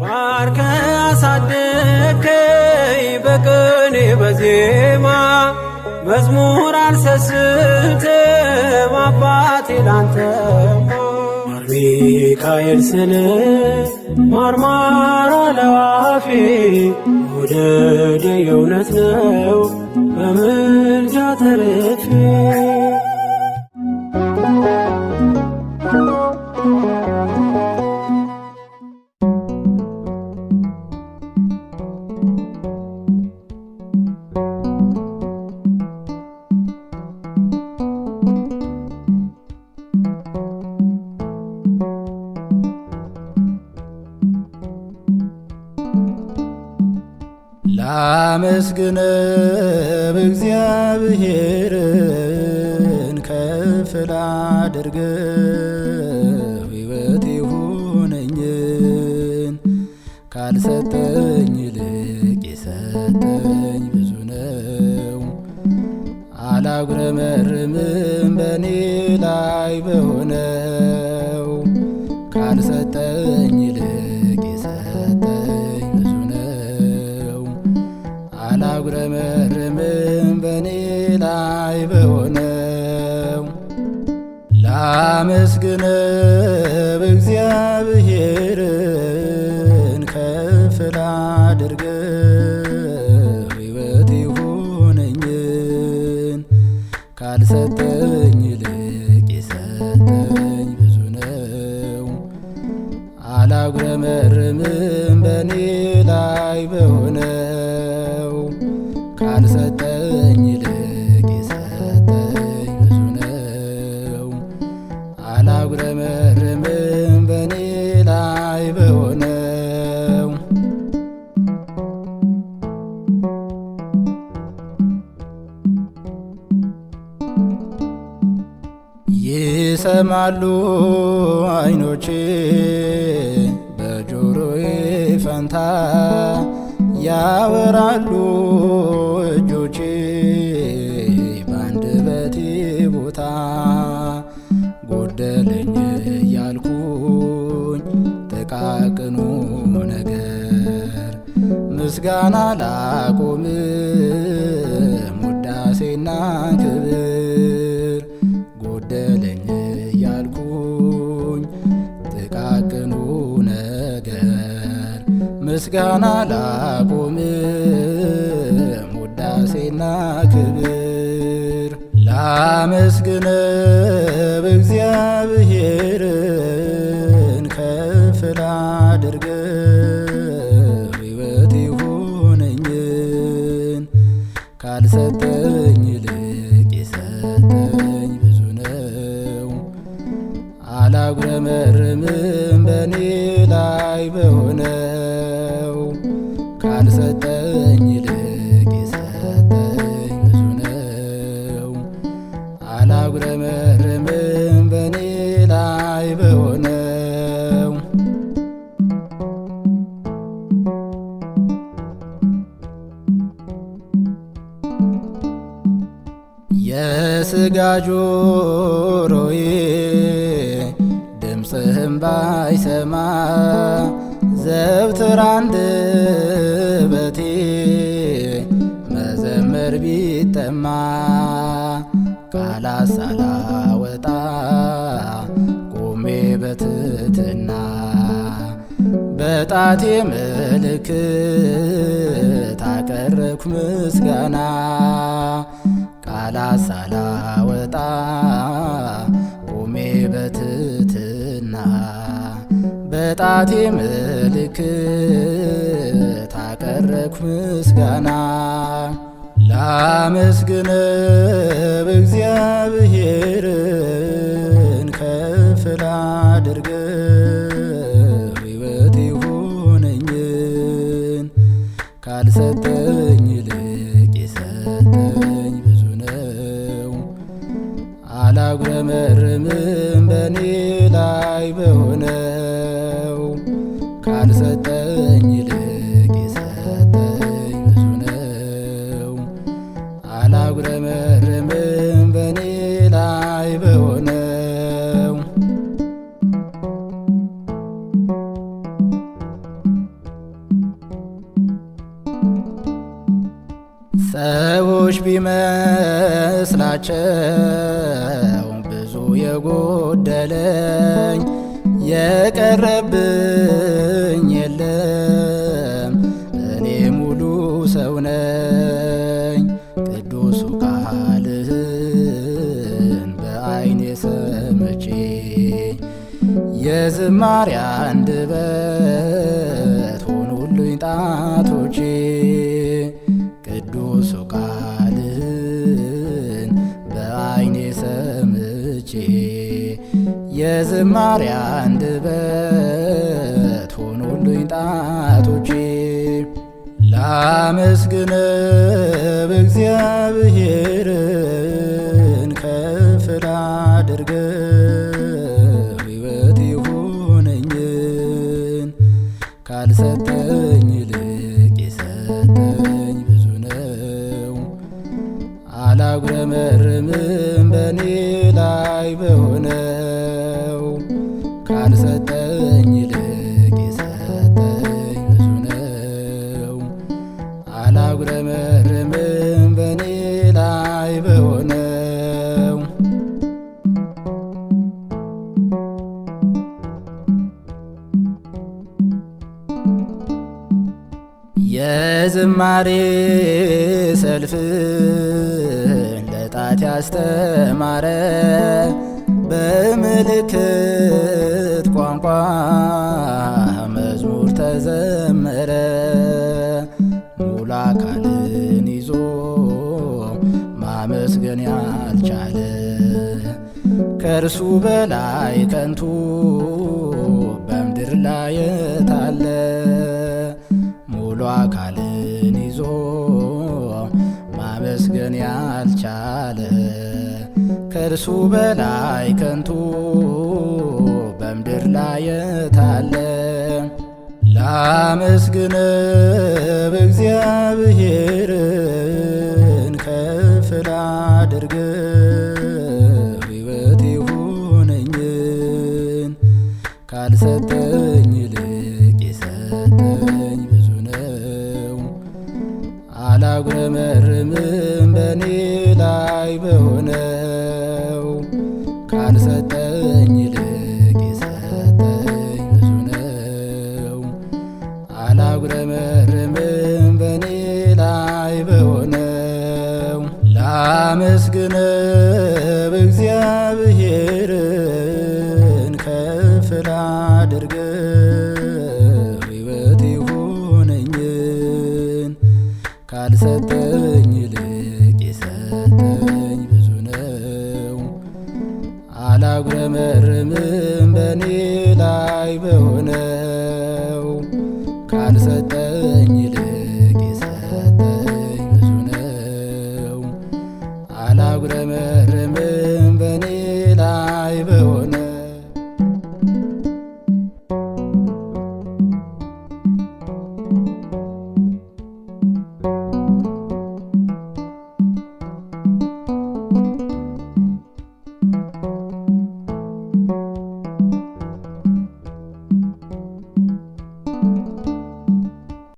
ባርከ አሳደከኝ በቅኔ በዜማ መዝሙር አልሰስትም አባቴ ላንተማ ማር ሚካኤል ስል ማርማራ ለዋፌ ወደደ የእውነት ነው በምልጃ ተር ላመስግነው እግዚአብሔርን ከፍል ላድርገው ሕይወት የሆነኝን ካልሰጠኝ ይልቅ የሰጠኝ ብዙ ነው። አላጉረመርምም በእኔ ላይ በሆነው ካልሰጠኝ ላይ በሆነው ላመስግነው እግዚአብሔርን ከፍላ አላጉረመርምም በኔ ላይ በሆነው ይሰማሉ አይኖቼ በጆሮዬ ፈንታ ያወራሉ ጥቃቅኑ ነገር ምስጋና ላቁም ሙዳሴና ክብር ጎደለኝ እያልኩኝ ጥቃቅኑ ነገር ምስጋና ላቁም ሙዳሴና ክብር ላመስግነብ እግዚአብሔር ካልሰጠኝ ይልቅ የሰጠኝ ብዙ ነው። አላጉረመርምም በእኔ ላይ በሆነው ካልሰጠኝ የስጋ ጆሮዬ ድምፅህም ባይሰማ ዘውትር አንደበቴ መዘመር ቢጠማ ቃላት ሳላወጣ ቆሜ በትትና በጣቴ ምልክት አቀረብኩ ምስጋና ቃላት በትትና በጣቴ ምልክት አቀረብኩ ምስጋና እግዚአብሔር አሁንም በእኔ ላይ በሆነው ካልሰጠኝ ይልቅ የሰጠኝ ብዙ ነው። አላጉረመርምም በእኔ ላይ በሆነው ሰዎች ቢመስላቸው የጎደለኝ የቀረብኝ የለም እኔ ሙሉ ሰው ነኝ። ቅዱሱ ቃልህን በዓይኔ ሰምቼ የዝማሬ አንደበት ሆኖልኝ ጣቱ የዝማሬ አንደበት ሆኖልኝ ጣቶቼ ላመስግንህ እግዚአብሔር አይመርምም በኔ ላይ በሆነው የዝማሬ ሰልፍ ለጣት ያስተማረ በምልክት ቋንቋ መዝሙር ተዘመ ማመስገን ያልቻለ ከእርሱ በላይ ከንቱ በምድር ላይ የታለ ሙሉ አካልን ይዞ ማመስገን ያልቻለ ከእርሱ በላይ ከንቱ በምድር ላይ የታለ ላመስግን በእግዚአብሔር ያደርግ I said that.